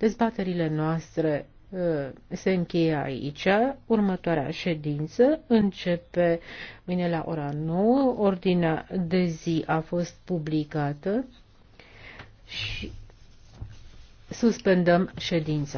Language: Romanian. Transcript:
Dezbaterile noastre uh, se încheie aici. Următoarea ședință începe mâine la ora 9. Ordinea de zi a fost publicată și suspendăm ședința.